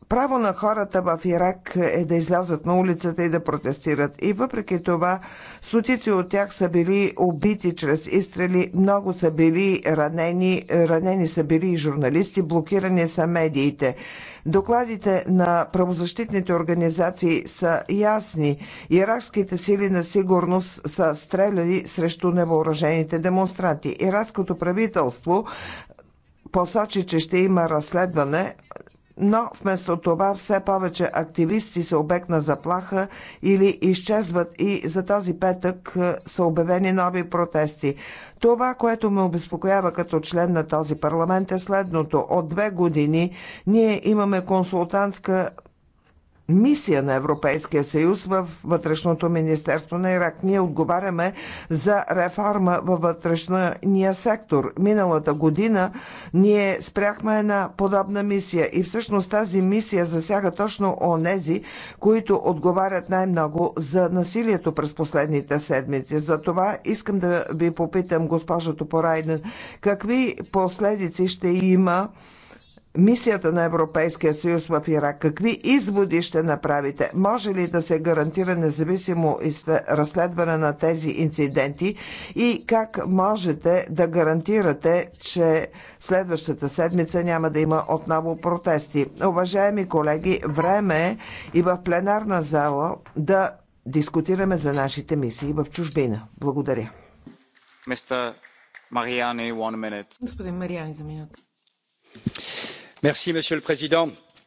Право на хората в Ирак е да излязат на улицата и да протестират. И въпреки това, стотици от тях са били убити чрез изстрели, много са били ранени, ранени са били и журналисти, блокирани са медиите. Докладите на правозащитните организации са ясни. Иракските сили на сигурност са стреляли срещу невооръжените демонстранти. Иракското правителство посочи, че ще има разследване но вместо това все повече активисти са обект на заплаха или изчезват и за този петък е, са обявени нови протести. Това, което ме обезпокоява като член на този парламент е следното. От две години ние имаме консултантска мисия на Европейския съюз в Вътрешното министерство на Ирак. Ние отговаряме за реформа във вътрешния сектор. Миналата година ние спряхме една подобна мисия и всъщност тази мисия засяга точно онези, които отговарят най-много за насилието през последните седмици. За това искам да ви попитам, госпожа Топорайден, какви последици ще има мисията на Европейския съюз в Ирак, какви изводи ще направите? Може ли да се гарантира независимо разследване на тези инциденти и как можете да гарантирате, че следващата седмица няма да има отново протести? Уважаеми колеги, време е и в пленарна зала да дискутираме за нашите мисии в чужбина. Благодаря. Господин Мариани, за минута.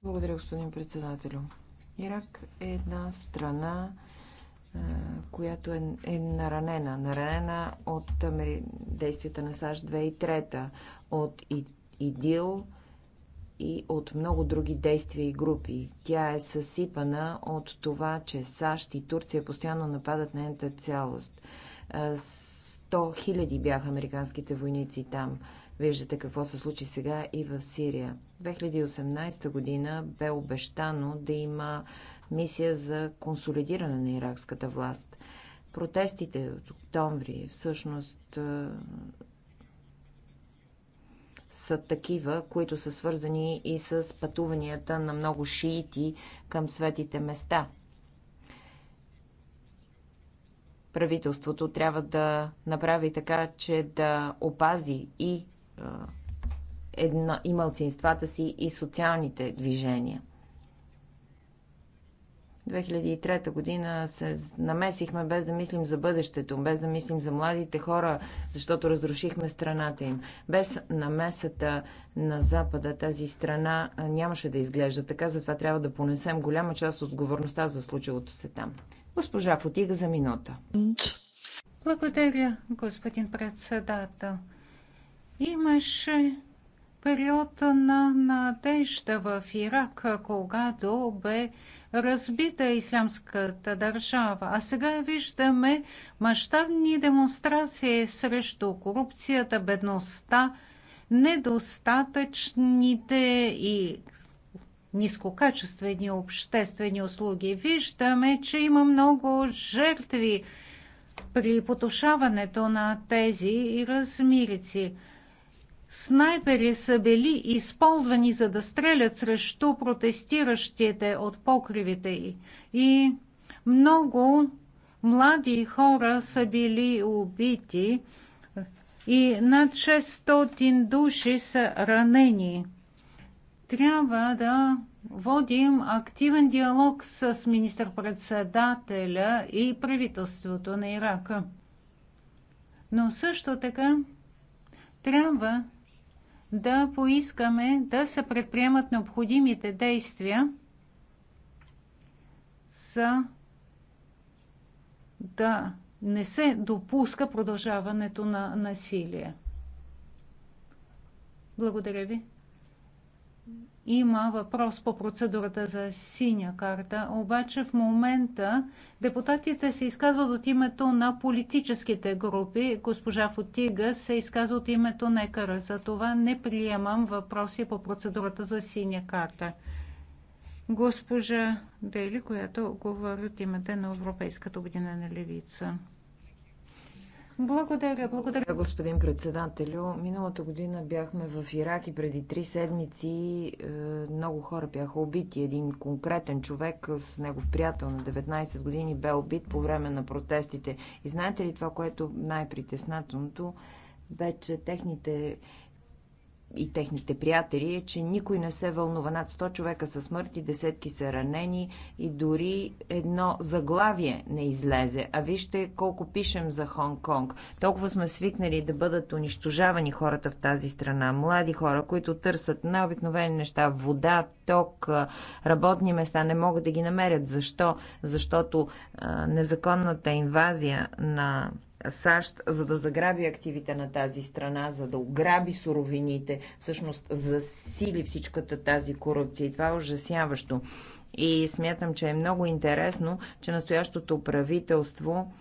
Благодаря, господин председател. Ирак е една страна, която е, е, наранена. Наранена от действията на САЩ 2003, от ИДИЛ и от много други действия и групи. Тя е съсипана от това, че САЩ и Турция постоянно нападат нейната цялост. 100 хиляди бяха американските войници там. Виждате какво се случи сега и в Сирия. 2018 година бе обещано да има мисия за консолидиране на иракската власт. Протестите от октомври всъщност са такива, които са свързани и с пътуванията на много шиити към светите места. Правителството трябва да направи така, че да опази и една, и мълцинствата си, и социалните движения. 2003 година се намесихме без да мислим за бъдещето, без да мислим за младите хора, защото разрушихме страната им. Без намесата на Запада тази страна нямаше да изглежда така, затова трябва да понесем голяма част от отговорността за случилото се там. Госпожа Фотига за минута. Благодаря, господин председател. Имаше период на надежда в Ирак, когато бе разбита ислямската държава. А сега виждаме мащабни демонстрации срещу корупцията, бедността, недостатъчните и нискокачествени обществени услуги. Виждаме, че има много жертви при потушаването на тези и размирици. Снайпери са били използвани за да стрелят срещу протестиращите от покривите й. И много млади хора са били убити и над 600 души са ранени. Трябва да водим активен диалог с министър-председателя и правителството на Ирака. Но също така трябва да поискаме да се предприемат необходимите действия за да не се допуска продължаването на насилие. Благодаря ви има въпрос по процедурата за синя карта, обаче в момента депутатите се изказват от името на политическите групи. Госпожа Фотига се изказва от името на ЕКАРА. За това не приемам въпроси по процедурата за синя карта. Госпожа Дели, която говори от името на Европейската обединена левица. Благодаря, благодаря. Господин председателю, миналата година бяхме в Ирак и преди три седмици е, много хора бяха убити. Един конкретен човек с негов приятел на 19 години бе убит по време на протестите. И знаете ли това, което най-притеснателното бе, че техните и техните приятели е, че никой не се вълнува. Над 100 човека са смърти, десетки са ранени и дори едно заглавие не излезе. А вижте колко пишем за Хонг-Конг. Толкова сме свикнали да бъдат унищожавани хората в тази страна. Млади хора, които търсят най-обикновени неща, вода, ток, работни места, не могат да ги намерят. Защо? Защото а, незаконната инвазия на САЩ, за да заграби активите на тази страна, за да ограби суровините, всъщност засили всичката тази корупция. И това е ужасяващо. И смятам, че е много интересно, че настоящото правителство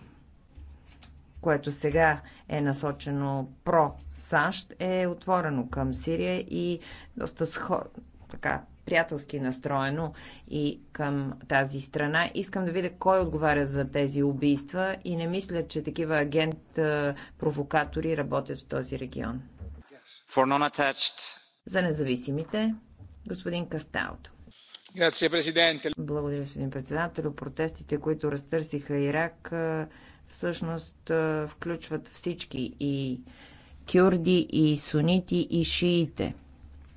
което сега е насочено про САЩ, е отворено към Сирия и доста схо... така, приятелски настроено и към тази страна. Искам да видя кой отговаря за тези убийства и не мисля, че такива агент-провокатори работят в този регион. За независимите, господин Касталто. Благодаря, господин председател. Протестите, които разтърсиха Ирак, всъщност включват всички и кюрди, и сунити, и шиите.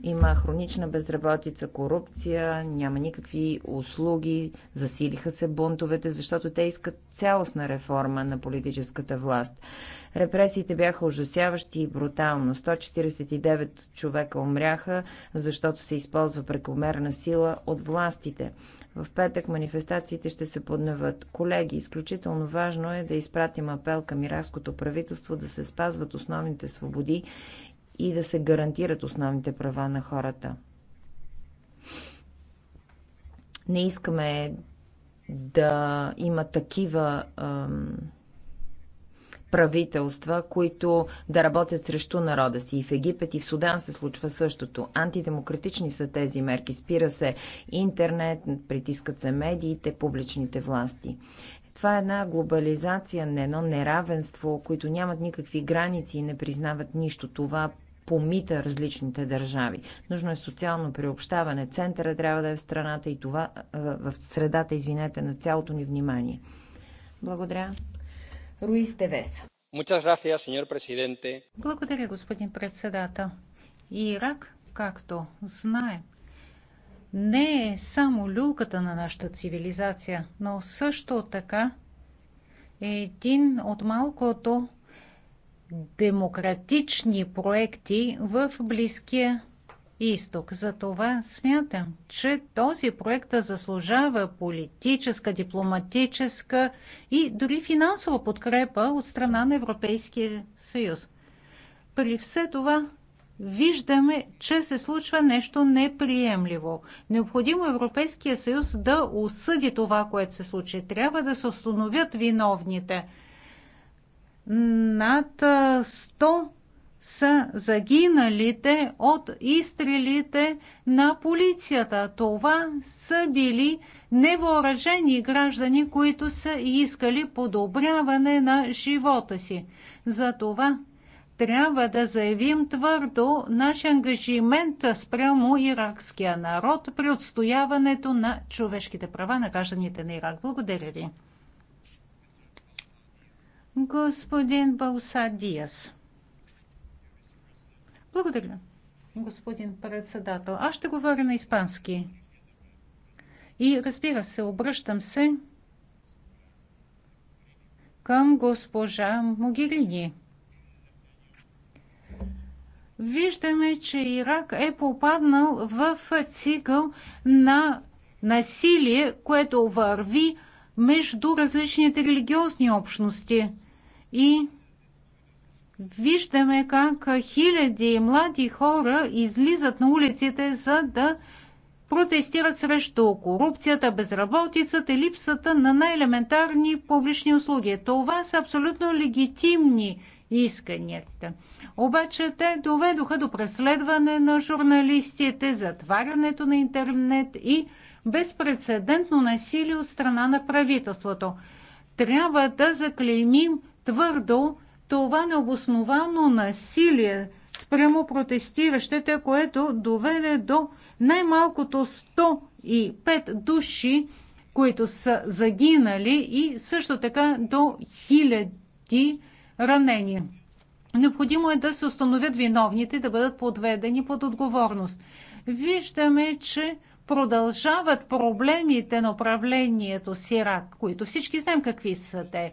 Има хронична безработица, корупция, няма никакви услуги, засилиха се бунтовете, защото те искат цялостна реформа на политическата власт. Репресиите бяха ужасяващи и брутално. 149 човека умряха, защото се използва прекомерна сила от властите. В петък манифестациите ще се подневат. Колеги, изключително важно е да изпратим апел към иракското правителство да се спазват основните свободи и да се гарантират основните права на хората. Не искаме да има такива ам, правителства, които да работят срещу народа си. И в Египет и в Судан се случва същото. Антидемократични са тези мерки. Спира се интернет, притискат се медиите, публичните власти. Това е една глобализация, не едно неравенство, които нямат никакви граници и не признават нищо. Това помита различните държави. Нужно е социално приобщаване. Центъра трябва да е в страната и това в средата, извинете, на цялото ни внимание. Благодаря. Руис Девеса. Благодаря, господин председател. Ирак, както знаем, не е само люлката на нашата цивилизация, но също така е един от малкото демократични проекти в Близкия изток. Затова смятам, че този проект заслужава политическа, дипломатическа и дори финансова подкрепа от страна на Европейския съюз. При все това виждаме, че се случва нещо неприемливо. Необходимо е Европейския съюз да осъди това, което се случи. Трябва да се установят виновните – над 100 са загиналите от изстрелите на полицията. Това са били невооръжени граждани, които са искали подобряване на живота си. Затова трябва да заявим твърдо наш ангажимент спрямо иракския народ при отстояването на човешките права на гражданите на Ирак. Благодаря ви господин Бауса Диас. Благодаря, господин председател. Аз ще говоря на испански. И разбира се, обръщам се към госпожа Могерини. Виждаме, че Ирак е попаднал в цикъл на насилие, което върви между различните религиозни общности – и виждаме как хиляди млади хора излизат на улиците, за да протестират срещу корупцията, безработицата и липсата на най-елементарни публични услуги. Това са абсолютно легитимни исканията. Обаче те доведоха до преследване на журналистите, затварянето на интернет и безпредседентно насилие от страна на правителството. Трябва да заклеймим твърдо това необосновано насилие спрямо протестиращите, което доведе до най-малкото 105 души, които са загинали и също така до хиляди ранени. Необходимо е да се установят виновните, да бъдат подведени под отговорност. Виждаме, че продължават проблемите на управлението Сирак, които всички знаем какви са те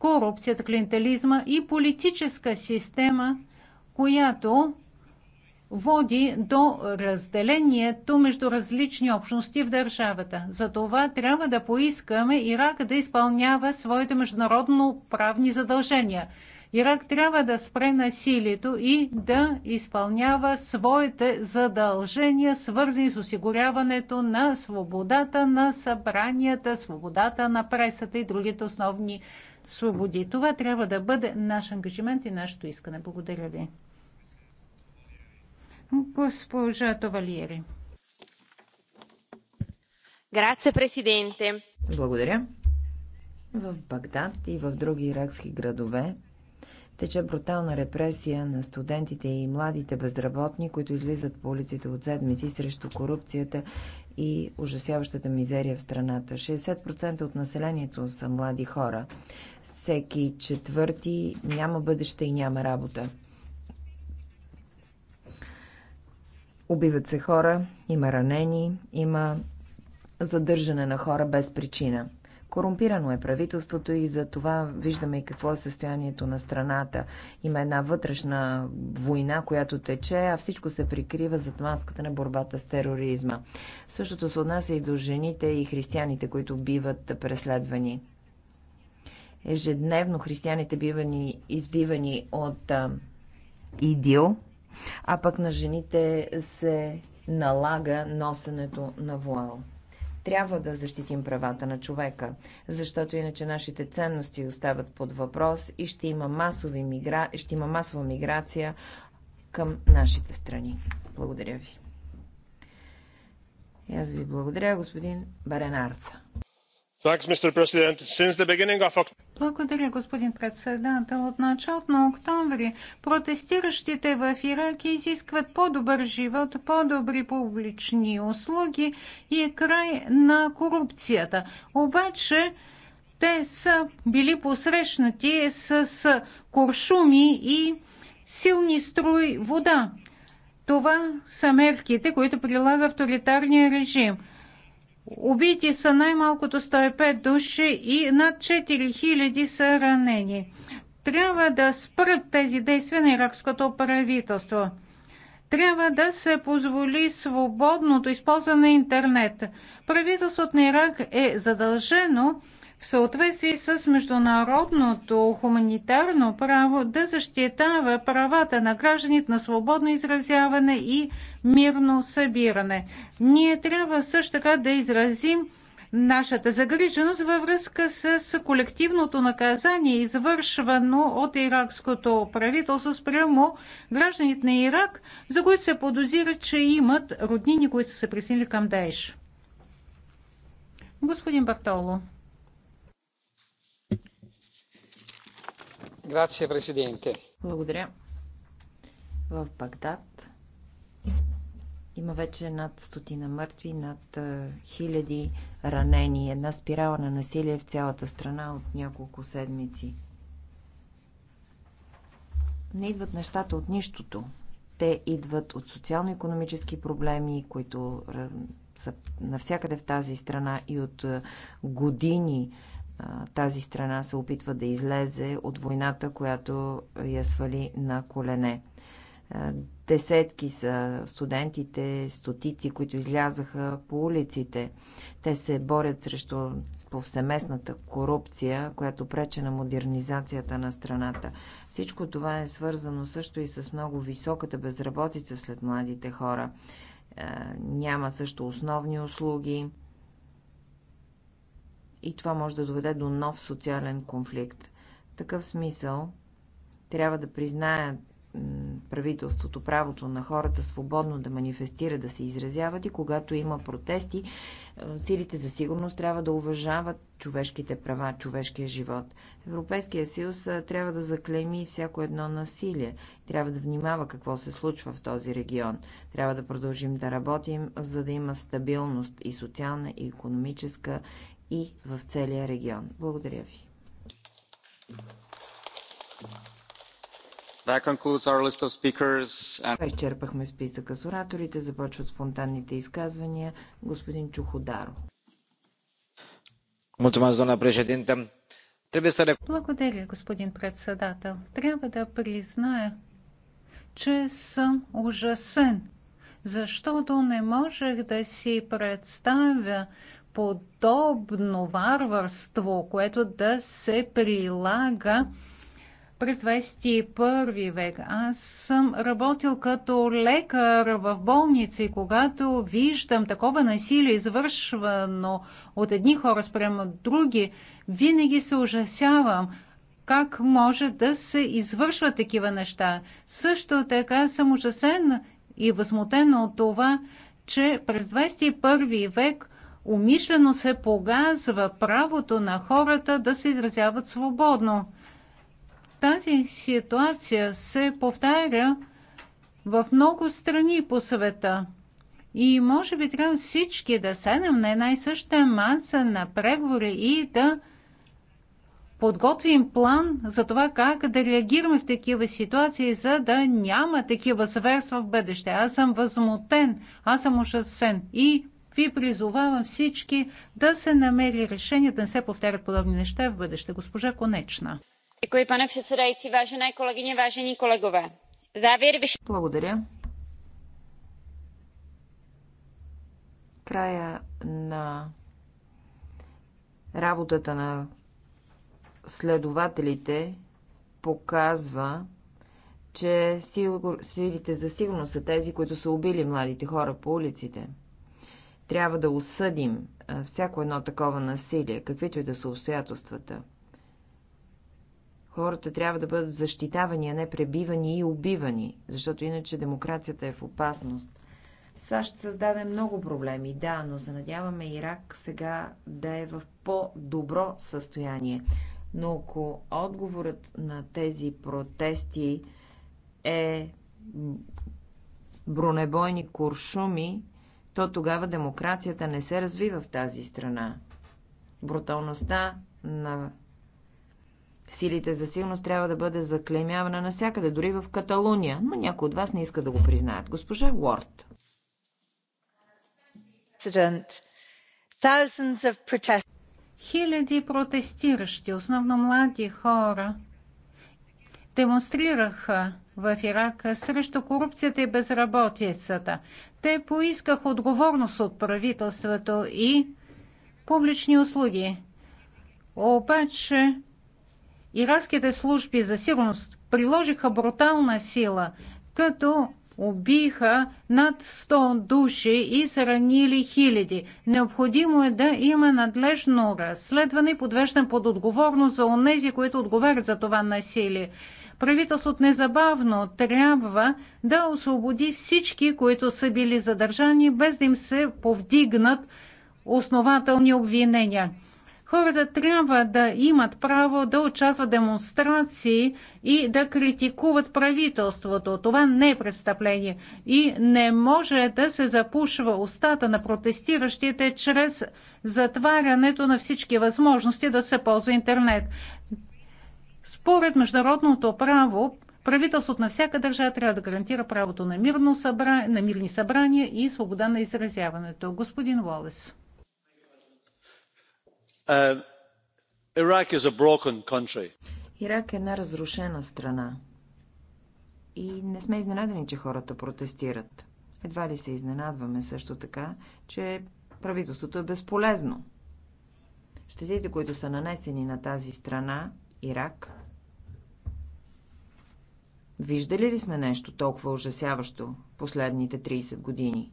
корупцията, клиентализма и политическа система, която води до разделението между различни общности в държавата. За това трябва да поискаме Ирак да изпълнява своите международно правни задължения. Ирак трябва да спре насилието и да изпълнява своите задължения, свързани с осигуряването на свободата на събранията, свободата на пресата и другите основни свободи. Това трябва да бъде наш ангажимент и нашето искане. Благодаря ви. Госпожа Товалиери. Грация, президенте. Благодаря. В Багдад и в други иракски градове тече брутална репресия на студентите и младите безработни, които излизат по улиците от седмици срещу корупцията и ужасяващата мизерия в страната. 60% от населението са млади хора. Всеки четвърти няма бъдеще и няма работа. Убиват се хора, има ранени, има задържане на хора без причина. Корумпирано е правителството и за това виждаме и какво е състоянието на страната. Има една вътрешна война, която тече, а всичко се прикрива зад маската на борбата с тероризма. Същото се отнася и до жените и християните, които биват преследвани. Ежедневно християните бивани избивани от а, идил, а пък на жените се налага носенето на вуал. Трябва да защитим правата на човека, защото иначе нашите ценности остават под въпрос и ще има, масови мигра... ще има масова миграция към нашите страни. Благодаря ви. И аз ви благодаря, господин Баренарца. Благодаря, господин председател. От началото на октомври протестиращите в Ирак изискват по-добър живот, по-добри публични услуги и край на корупцията. Обаче те са били посрещнати с куршуми и силни струи вода. Това са мерките, които прилага авторитарния режим – Убити са най-малкото 105 души и над 4000 са ранени. Трябва да спрат тези действия на иракското правителство. Трябва да се позволи свободното използване на интернет. Правителството на Ирак е задължено в съответствие с международното хуманитарно право да защитава правата на гражданите на свободно изразяване и мирно събиране. Ние трябва също така да изразим нашата загриженост във връзка с колективното наказание, извършвано от иракското правителство спрямо гражданите на Ирак, за които се подозира, че имат роднини, които са се присъединили към Даеш. Господин Бартоло. Грация, президенте. Благодаря. В Багдад има вече над стотина мъртви, над хиляди ранени. Една спирала на насилие в цялата страна от няколко седмици. Не идват нещата от нищото. Те идват от социално-економически проблеми, които са навсякъде в тази страна и от години тази страна се опитва да излезе от войната, която я свали на колене. Десетки са студентите, стотици, които излязаха по улиците. Те се борят срещу повсеместната корупция, която прече на модернизацията на страната. Всичко това е свързано също и с много високата безработица след младите хора. Няма също основни услуги и това може да доведе до нов социален конфликт. В такъв смисъл трябва да признаят правителството, правото на хората свободно да манифестират, да се изразяват и когато има протести, е, силите за сигурност трябва да уважават човешките права, човешкия живот. Европейския съюз е, трябва да заклейми всяко едно насилие. Трябва да внимава какво се случва в този регион. Трябва да продължим да работим, за да има стабилност и социална, и економическа, и в целия регион. Благодаря ви. Изчерпахме списъка с ораторите. Започват спонтанните изказвания. Господин Чуходаро. Благодаря, господин председател. Трябва да призная, че съм ужасен, защото не можех да си представя подобно варварство, което да се прилага през 21 век. Аз съм работил като лекар в болница и когато виждам такова насилие, извършвано от едни хора спрямо други, винаги се ужасявам как може да се извършват такива неща. Също така съм ужасен и възмутен от това, че през 21 век умишлено се погазва правото на хората да се изразяват свободно. Тази ситуация се повтаря в много страни по света. И може би трябва всички да седнем на една и съща маса на преговори и да подготвим план за това как да реагираме в такива ситуации, за да няма такива зверства в бъдеще. Аз съм възмутен, аз съм ужасен и ви призовавам всички да се намери решение да не се повтарят подобни неща в бъдеще. Госпожа Конечна pane předsedající vážené kolegyně vážení kolegové závěr Благодаря. Края на работата на следователите показва, че силите за сигурност са тези, които са убили младите хора по улиците. Трябва да осъдим всяко едно такова насилие, каквито и да са обстоятелствата. Хората трябва да бъдат защитавани, а не пребивани и убивани, защото иначе демокрацията е в опасност. САЩ създаде много проблеми, да, но се надяваме Ирак сега да е в по-добро състояние. Но ако отговорът на тези протести е бронебойни куршуми, то тогава демокрацията не се развива в тази страна. Бруталността на Силите за силност трябва да бъде заклемявана навсякъде, дори в Каталуния, но някои от вас не иска да го признаят. Госпожа Уорд. Хиляди протестиращи, основно млади хора, демонстрираха в Ирак срещу корупцията и безработицата. Те поискаха отговорност от правителството и публични услуги. Обаче иракските служби за сигурност приложиха брутална сила, като убиха над 100 души и са ранили хиляди. Необходимо е да има надлежно разследване и подвеждане под отговорност за онези, които отговарят за това насилие. Правителството незабавно трябва да освободи всички, които са били задържани, без да им се повдигнат основателни обвинения. Хората трябва да имат право да участват в демонстрации и да критикуват правителството. Това не е престъпление и не може да се запушва устата на протестиращите чрез затварянето на всички възможности да се ползва интернет. Според международното право, правителството на всяка държава трябва да гарантира правото на, мирно събра... на мирни събрания и свобода на изразяването. Господин Волес. Uh, Ирак е една разрушена страна. И не сме изненадани, че хората протестират. Едва ли се изненадваме също така, че правителството е безполезно. Щетите, които са нанесени на тази страна, Ирак, виждали ли сме нещо толкова ужасяващо последните 30 години?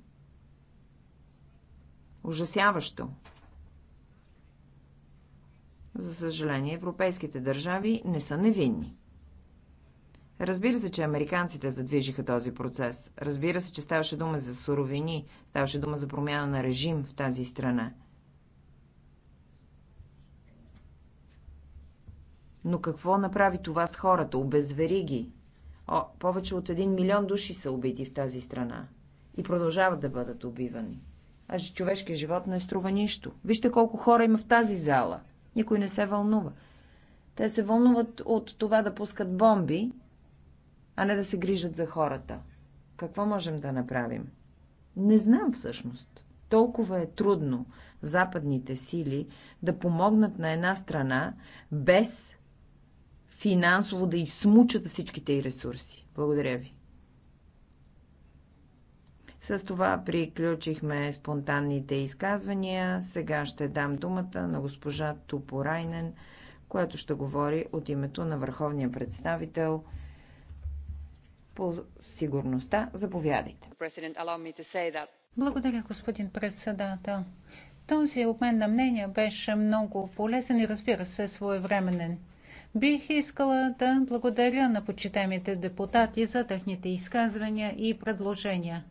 Ужасяващо! За съжаление, европейските държави не са невинни. Разбира се, че американците задвижиха този процес. Разбира се, че ставаше дума за суровини, ставаше дума за промяна на режим в тази страна. Но какво направи това с хората? Обезвери ги. О, повече от един милион души са убити в тази страна. И продължават да бъдат убивани. А човешкият живот не струва нищо. Вижте колко хора има в тази зала. Никой не се вълнува. Те се вълнуват от това да пускат бомби, а не да се грижат за хората. Какво можем да направим? Не знам всъщност. Толкова е трудно западните сили да помогнат на една страна без финансово да измучат всичките й ресурси. Благодаря ви. С това приключихме спонтанните изказвания. Сега ще дам думата на госпожа Тупорайнен, която ще говори от името на върховния представител по сигурността. Заповядайте. Благодаря, господин председател. Този обмен на мнения беше много полезен и разбира се своевременен. Бих искала да благодаря на почитаемите депутати за техните изказвания и предложения.